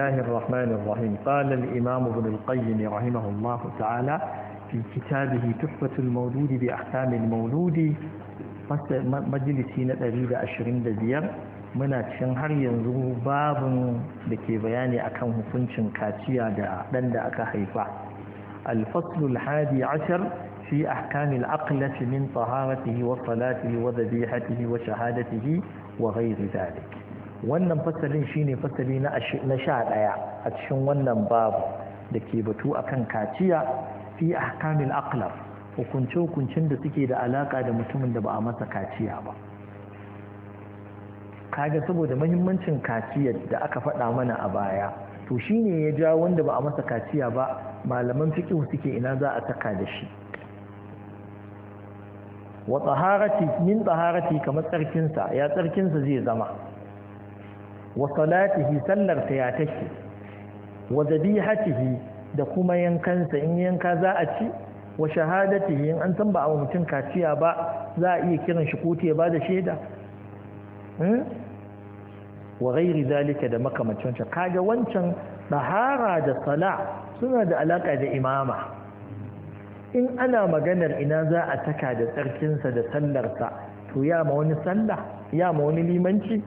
الله الرحمن الرحيم قال الإمام ابن القيم رحمه الله تعالى في كتابه تحفة المولود بأحكام المولود مجلسين أريد أشرين دبير muna cikin har yanzu babin da ke bayani akan hukuncin kaciya da ɗan da aka haifa alfaslul hadi ashar fi ahkamil aqlati min taharatihi wa salatihi wa dhabihatihi wa shahadatihi wa ghairi dhalik wannan fasalin shine fasali na sha ɗaya a cikin wannan babu da ke batu a kan kaciya fi ahkamil aqlab hukunce-hukuncen da suke da alaƙa da mutumin da ba a masa kaciya ba kaga saboda mahimmancin kaciyar da aka faɗa mana a baya to shi ne ya ja wanda ba a masa kaciya ba malaman fiqh suke ina za a saka da shi wa tsaharati min tsaharati kamar tsarkinsa ya tsarkinsa zai zama wa salatihi sallar ta ya take wa zabihatihi da kuma yankansa in yanka za a ci wa shahadatihi in an san ba a mutum kaciya ba za a iya kiran shi kotu ba bada shaida hmm? wa ghairi zalika da makamacin ka kaga wancan dahara da sala suna da alaka da imama in ana maganar ina za a taka da tsarkinsa da sallarsa to ya ma wani sallah ya ma wani limanci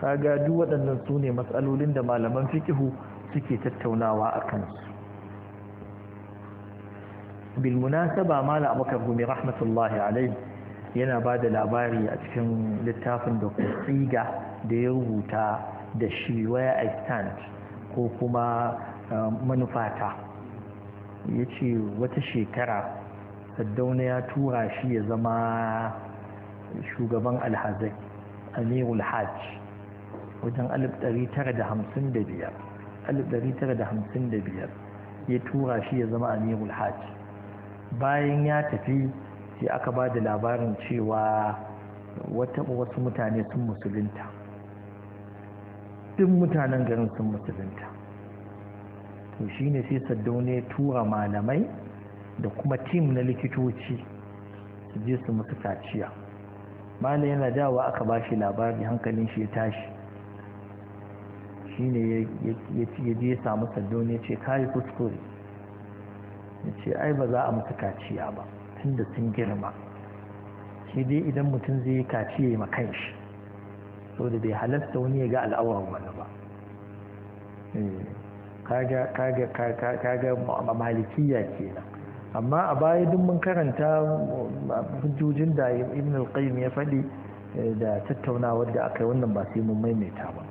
kaga duk waɗannan su ne matsalolin da malaman fikihu suke tattaunawa a kansu bilmunasaba mala abakar gumi rahmatullahi alai yana ba da labari a cikin littafin da tsiga da ya rubuta da shi waya i ko kuma eh, manufata ya ce wata shekara saddauna ya tura shi ya zama shugaban alhazai amirul hajj wajen da 1955 biyar ya tura shi ya zama amirul hajj bayan ya tafi sai aka ba da labarin cewa wasu mutane sun musulunta duk mutanen garin sun musulunta to shine sai saddaune tura malamai da kuma tim na likitoci su je su musu kaciya malam yana dawa aka ba shi labari hankalin shi ya tashi ne ya je ya samu sandon ya ce kayi kuskure ya ce ai ba za a mutu kaciya ba tun da sun girma shi dai idan mutum zai yi kaciya ma kan shi da bai halarta wani ya ga al'awar wani ba eh, kaga malikiya kenan amma a baya duk mun karanta hujjojin da ibn al-qayyim ya faɗi eh, da tattaunawar da aka yi wannan ba sai mun maimaita ba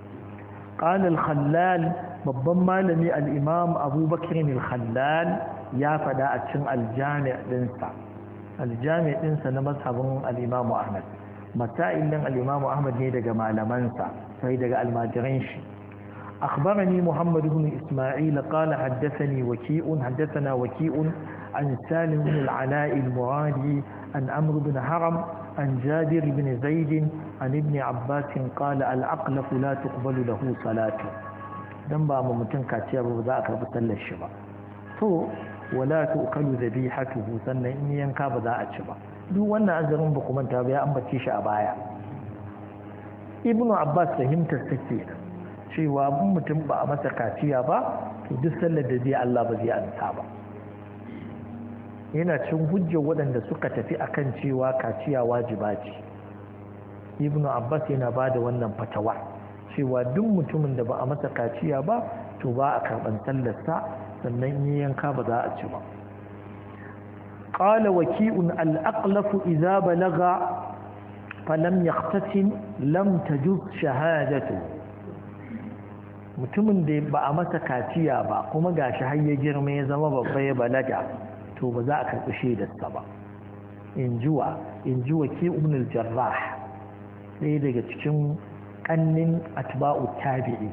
قال الخلال babban malami al’imam abubakar al-khallal ya faɗa a cikin aljami ɗinsa na mazhabin al’imamu ahmad mata’in nan al’imamu ahmad ne daga malamansa sai daga almajirin shi akhbara ni muhammad ibn isma'il qala haddathani waki'un haddathana waki'un an salim ibn al-muradi an amr ibn haram عن جابر بن زيد عن ابن عباس قال العقل لا تقبل له صلاته dan ba mu mutum kaciya ba za a karɓi sallar shi ba to wala ta ukalu da bi hatuhu sannan in yanka ba za a ci ba duk wannan azarin ba kuma ta ya ambace shi a baya ibnu abbas fahimtar ta ce cewa mun mutum ba a masa kaciya ba to duk sallar da zai Allah ba zai ansa ba yana cin hujjar waɗanda suka tafi akan cewa kaciya wajiba ce ibn abbas yana ba da wannan fatawa cewa duk mutumin da ba a masa kaciya ba to ba a karɓar tallasta, sannan yi yanka ba za a ci ba ƙala waki'un al'aƙlafu iza balaga falam yaktasin lam tajuz shahadatu mutumin da ba a masa kaciya ba kuma ga shi har ya girma ya zama babba ya balaga to ba za a karɓi shaidarsa ba in jiwa in jiwa ke umnul jarrah ɗaya daga cikin ƙannin atba'u tabi'i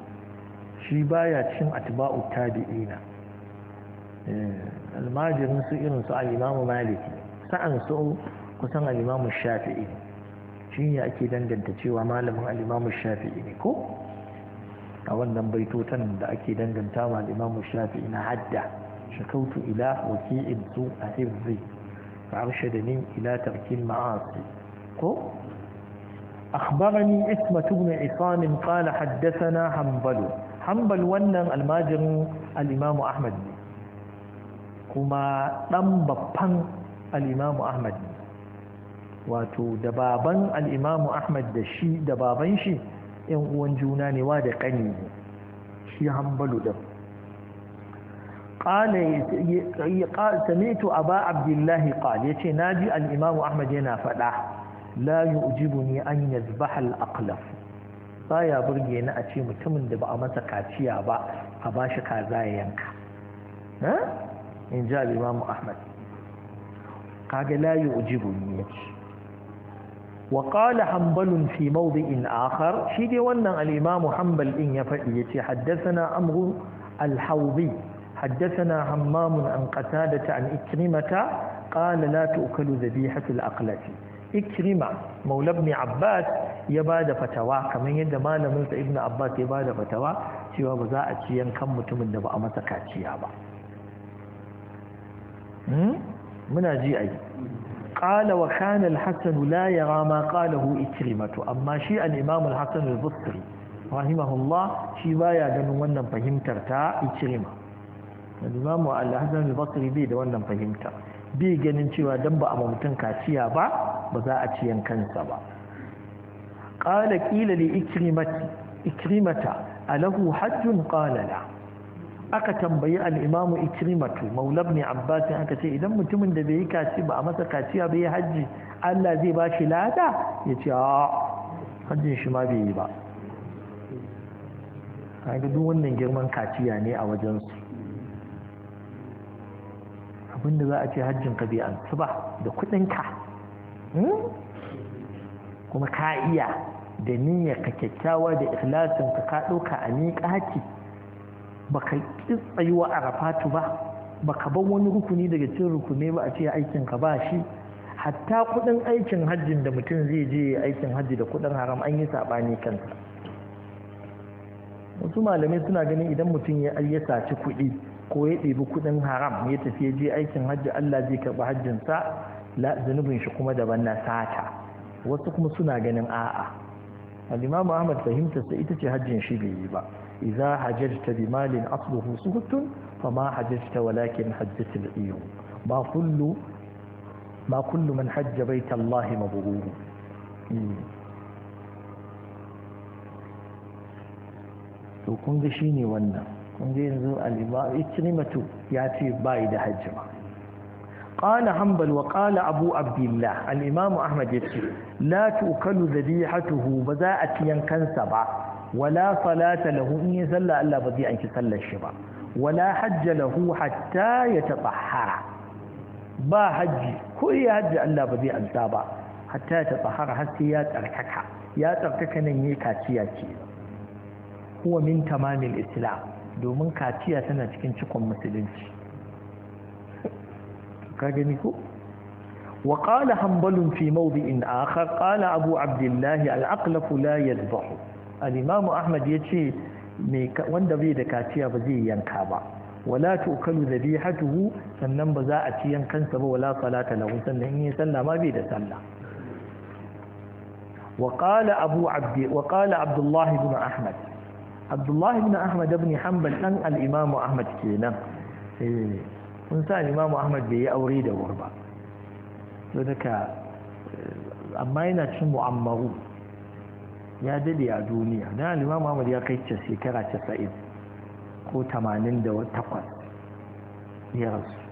shi baya cin atba'u na eh, almajirin su irin su alimamu maliki sa'an su kusan alimamu shafi'i shi ya ake danganta cewa malamin alimamu shafi'i ne ko a wannan baitotan da ake danganta ma alimamu shafi'i na hadda شكوت إلى وكيء سوء حفظي فأرشدني إلى ترك المعاصي أخبرني إسمة بن عصام قال حدثنا حنبل حنبل ونن الماجر الإمام أحمد كما ɗan الإمام أحمد wato da baban al'imamu ahmad da shi da baban shi ‘yan uwan juna ne wa da ƙani shi hambalu ɗin قال قال سمعت أبا عبد الله قال يتي yana الإمام أحمد هنا فلاح لا يعجبني أن يذبح الأقلف baya burge ni a ce mutumin da ba a masa kaciya ba a ba shi kaza ya yanka in ji al'imamu ahmad kaga la yi ujibu ne wa akhar shi dai wannan al'imamu hanbal ɗin ya faɗi yace haddasa na amru alhaubi. حدثنا حمام عن قتادة عن إكرمة قال لا تؤكل ذبيحة الأقلة إكرمة مولى ابن عباس يباد فتوى كما يدى ما لمنت ابن عباس يباد فتوى سوى بزاء تشيان كم متمن دبا أمتكا تشيابا منا جي أي قال وكان الحسن لا يرى ما قاله إكرمة أما شيء الإمام الحسن البصري رحمه الله شي بايا دنوانا فهمتر تا إكرمة al-imamu al-hasan al-basri bai da wannan fahimta bai ganin cewa dan ba a mutum kaciya ba ba za a ci yankansa ba qala qila li ikrimati ikrimata alahu hajjun qala la aka tambayi al-imamu ikrimatu maula ibn abbas aka ce idan mutumin da bai yi kaci ba a masa kaciya bai yi haji Allah zai ba shi lada ya ce a hajjin shi ma bai yi ba ga duk wannan girman kaciya ne a wajensu abinda za a ce hajjin ka ba da kuɗinka hmm? kuma ka iya da niyya ka kyakkyawa da ikhlasin ka ka ɗauka a ba baka tsayuwa a rafatu ba ka bar wani rukuni daga cikin rukuni ba a ce aikin ka ba shi hatta kudin aikin hajjin da mutum zai je aikin hajji da kudin haram an yi sabani kansa wasu malamai suna ganin idan mutum ya saci kuɗi ko ya ɗebi kuɗin haram ya tafi ya je aikin hajji Allah zai karɓi hajjinsa la zunubin shi kuma daban na sata wasu kuma suna ganin a'a al-imamu Ahmad fahimtar sa ita ce hajjin shi bai yi ba idza hajjata bi malin asluhu suhutun fama hajjata walakin hajjatul iyyu ma kullu ma kullu man hajja baita Allah mabrur hmm. to kun ga shine wannan inda yanzu alibar mutu ya ce bayi da hajji ba ƙala hanbal wa ƙala abu abdillah al’imamu ahmad ya ce lati ukalu zabi hatuhu ba za a ci yankansa ba wala falata lahu in yi tsalla Allah ba zai an ki shi ba wala hajji lahu hatta ya taɓa ba hajji ko ya hajji Allah ba zai an ba hatta ya taɓa hara ya tsarkaka ya tsarkaka nan yi kaciya ce huwa min tamamin islam domin kaciya tana cikin cikon musulunci ka gani ko wa qala hanbalun fi mawdi'in akhar qala abu abdullah al la yadhbahu al-imam ahmad yace wanda bai da kaciya ba zai yanka ba wala tu'kalu dhabihatuhu sannan ba za a ci yankansa ba wala salata lahu sannan in da sallah وقال أبو عبد وقال abdullahi ibn ahmad ibn hanbal dan al-imam ahmad kenan eh mun sa imam ahmad bai yi aure da wuri ba to daga eh, amma yana cin mu'ammaru ya dade a duniya dan al-imam ahmad ya kai shekara 90 ko 88 ya rasu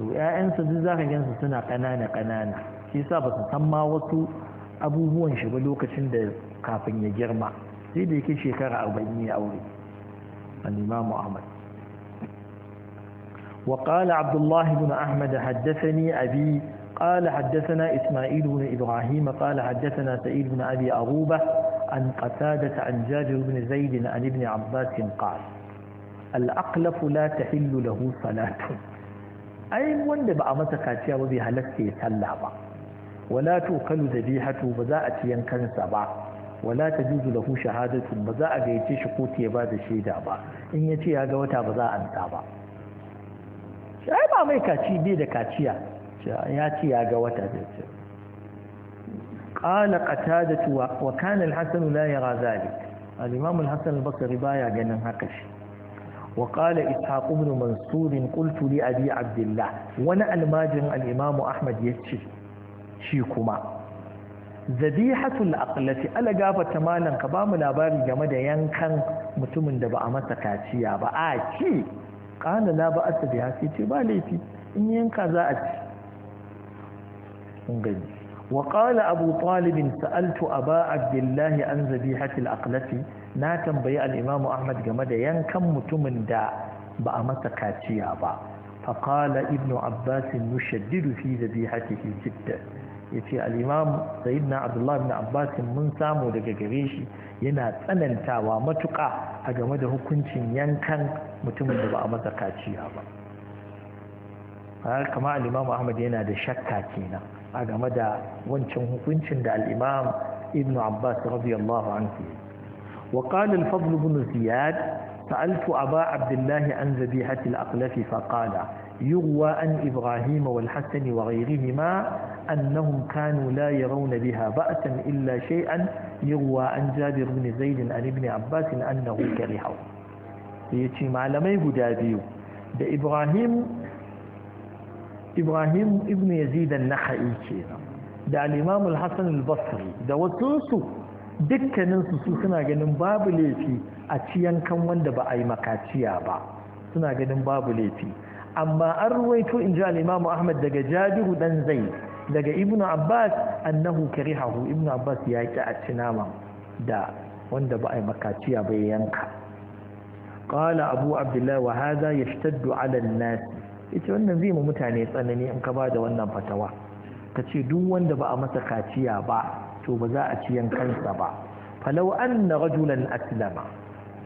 to ƴaƴansa duk zaka gansu suna ƙanana ƙanana shi yasa ba su san ma wasu abubuwan shi ba lokacin da kafin ya girma sai da yake shekara أو ya aure al-imamu ahmad وقال عبد الله بن أحمد حدثني أبي قال حدثنا إسماعيل بن إبراهيم قال حدثنا سعيد بن أبي أروبة عن قتادة عن جابر بن زيد عن ابن عباس قال الأقلف لا تحل له صلاة أي wanda ba a masa kaciya ba bai halatta ya sallah ba wala tukalu dhabihatu wala ta juzu lahu shahadatun ba za a gayyace shi kotu ya ba da shaida ba in ya ce ya ga wata ba za a amsa ba shi ai ba mai kaci bai da kaciya ya ce ya ga wata da ce qala qatadatu wa kana al-hasan la yara zalik al-imam al-hasan al-basri baya ganin haka shi وقال إسحاق بن منصور قلت لأبي عبد الله وأنا الماجر الإمام أحمد shi kuma. zabihatul aqlati ala gafata malan ka bamu labari game da yankan mutumin da ba a masa kaciya ba a ki kana la ba asa biha sai ce ba laifi in yanka za a ci gani wa qala abu talib sa'altu aba abdullah an zabihatul aqlati na tambayi al-imam ahmad game da yankan mutumin da ba a masa kaciya ba فقال ibnu عباس يشدد fi ذبيحته جدا yace al-imam sayyidina abdullah ibn abbas mun samu daga gare shi yana tsanantawa matuƙa a game da hukuncin yankan mutumin da ba a masa kaciya ba har kama al ahmad yana da shakka kenan a game da wancan hukuncin da alimam ibn abbas radiyallahu anhu wa qala al-fadl ibn ziyad sa'altu aba abdullahi an zabihati al fa qala يغوى أن إبراهيم والحسن وغيرهما أنهم كانوا لا يرون بها بأسا إلا شيئا يغوى أن جابر بن زيد عن ابن عباس أنه كرهه يتي ما لم يهدى ده بإبراهيم إبراهيم ابن يزيد النخعي كينا ده الإمام الحسن البصري ده وتوسو dukkaninsu ننسو suna ganin باب laifi أتيان كم kan wanda مكاتيا با yi makaciya ba suna ganin babu laifi amma an ruwaito in ji imam ahmad daga jabiru dan zai daga ibnu abbas annahu karihahu ibnu abbas ya ki a ci nama da wanda ba a yi makaciya bai yanka qala abu abdullahi wa hadha yashtaddu ala nasi. ita wannan zai mu mutane tsanani in ka ba da wannan fatawa ka ce duk wanda ba a masa kaciya ba to ba za a ci yankansa ba falau anna rajulan aslama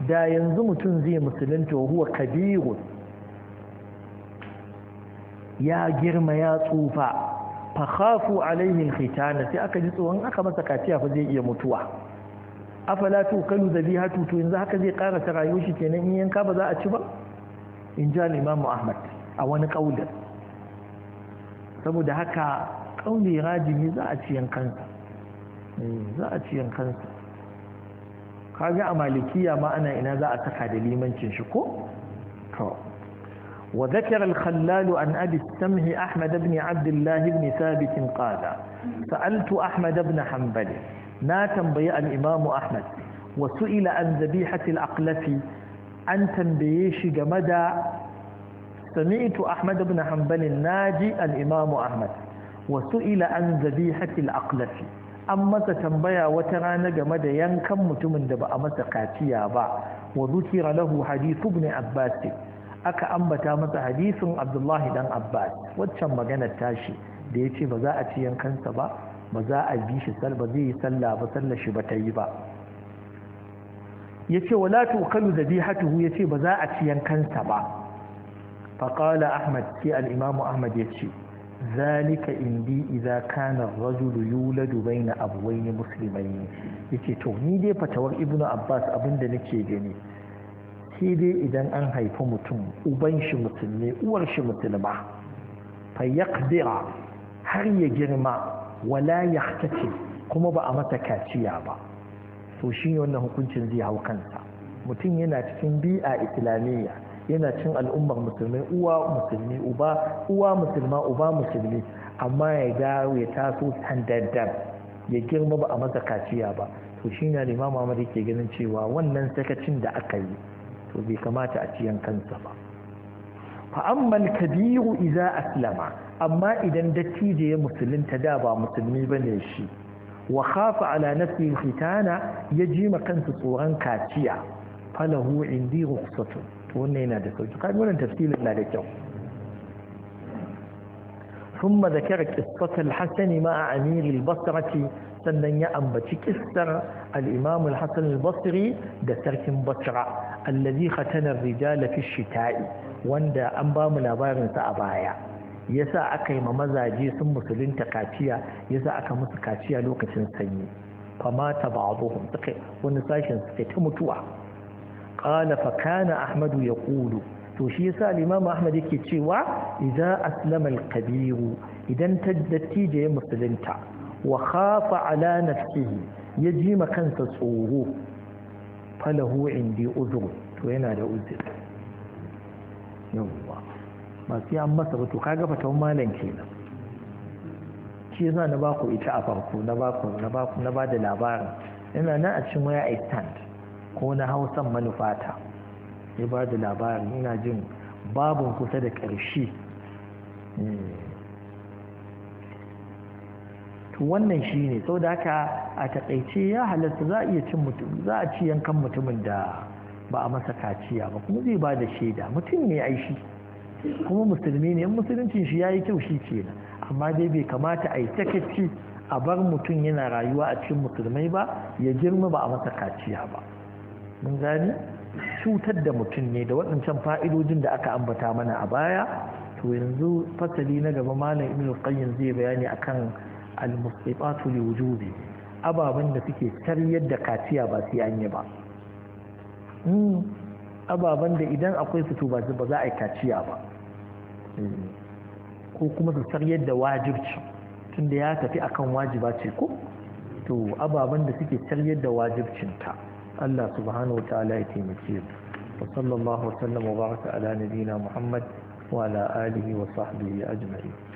da yanzu mutum zai musulunta huwa kabirun ya girma ya tsufa fa khafu alaihi alkhitana sai aka ji tsoron aka masa kaciya fa zai iya mutuwa afala tukalu dhabihatu to yanzu haka zai ta rayuwar shi kenan in yanka ba za a ci ba in ja Imam Ahmad a wani kaulin saboda haka kauli rajimi za a ci yankansa eh, za a ci yankan kaga a malikiya ma ana ina za a saka da limancin shi ko to وذكر الخلال عن أبي السمه أحمد بن عبد الله بن ثابت قال سألت أحمد بن حنبل ناتم بيع الإمام أحمد وسئل عن ذبيحة الأقلف أن تنبيش جمدا سمعت أحمد بن حنبل الناجي الإمام أحمد وسئل عن ذبيحة الأقلف أما تنبيا وترانا جمدا ينكم متمن دبأ مسقاتيا با وذكر له حديث ابن عباس aka ambata masa hadisin abdullahi dan abbas waccan maganar tashi da ya ce ba za a ci yankansa ba ba za a bi shi sal ba zai yi sallah ba sallar shi ba ta yi ba ya ce wala kalu da bihatuhu ya ce ba za a ci yankansa ba faƙala ahmad ce al'imamu ahmad ya ce zalika indi idza kana ar-rajulu yuladu baina abwayn muslimayn yace to ni dai fatawar ibnu abbas abinda nake gani sai dai idan an haifi mutum uban shi musulmi uwar shi musulma fa yaqdira har ya girma wala yahtaci kuma ba a mata kaciya ba to shi wannan hukuncin zai hau kansa mutum yana cikin a islamiyya yana cin al'ummar musulmi uwa musulmi uba uwa musulma uba musulmi amma ya ga ya taso sandaddar ya girma ba a masa kaciya ba to shi ne limamu Ahmad yake ganin cewa wannan sakacin da aka yi to bai kamata a ci kansa ba fa'ammal kabiru iza aslama amma idan dattijo ya musulunta da ba musulmi ba ne shi wa khafa ala nafsi fitana ya ji ma kansa tsoron kaciya falahu indi rukhsatu to wannan yana da sauki kaga wannan tafsirin na da kyau ثم ذكر قصة الحسن مع أمير البصرة sannan ya ambaci kistar al'imamu al-hassan al-basri da sarkin basra allazi khatanar rijala fi shita'i wanda an bamu labarinsa a baya yasa aka yi ma mazaje sun musulunta kaciya yasa aka musu kaciya lokacin sanyi famata ba'dhum suka wani sashin suke ta mutuwa Ƙala fa kana ahmadu yaqulu to shi yasa al ahmad yake cewa idza aslama al-kabir idan taddattijo ya musulunta wa khafa ala nafsihi ya ji ma kansa tsoro falahu indi uzur to yana da uzur yawwa ba sai an masa ba to kaga malam kenan shi yasa na baku ita a farko na baku na baku na labarin yana nan a cikin waya a stand ko na hausan manufata ya ba da labarin ina jin babin kusa da ƙarshe wannan shi ne sau da haka a taƙaice ya halatta za a iya cin mutum za a ci yankan mutumin da ba a masa kaciya ba kuma zai ba da shaida mutum ne aishi kuma musulmi ne in musuluncin shi ya yi kyau shi ce amma dai bai kamata a yi takaici a bar mutum yana rayuwa a cikin musulmai ba ya girma ba a masa kaciya ba mun gani cutar da mutum ne da waɗancan fa'idojin da aka ambata mana a baya to yanzu fasali na gaba malam ibn qayyim zai bayani akan al-mustaqatu li wujubi ababen da suke karyar da kaciya ba sai an yi ba hmm, ababen da idan akwai su to ba za a yi kaciya ba hmm, ko kuma su karyar da wajibci tunda ya tafi akan wajiba ce ko to ababen da suke karyar da wajibcinta Allah subhanahu wa ta'ala ya taimake su wa sallallahu wa sallam wa baraka ala nabiyina Muhammad wa ala alihi wa sahbihi ajma'in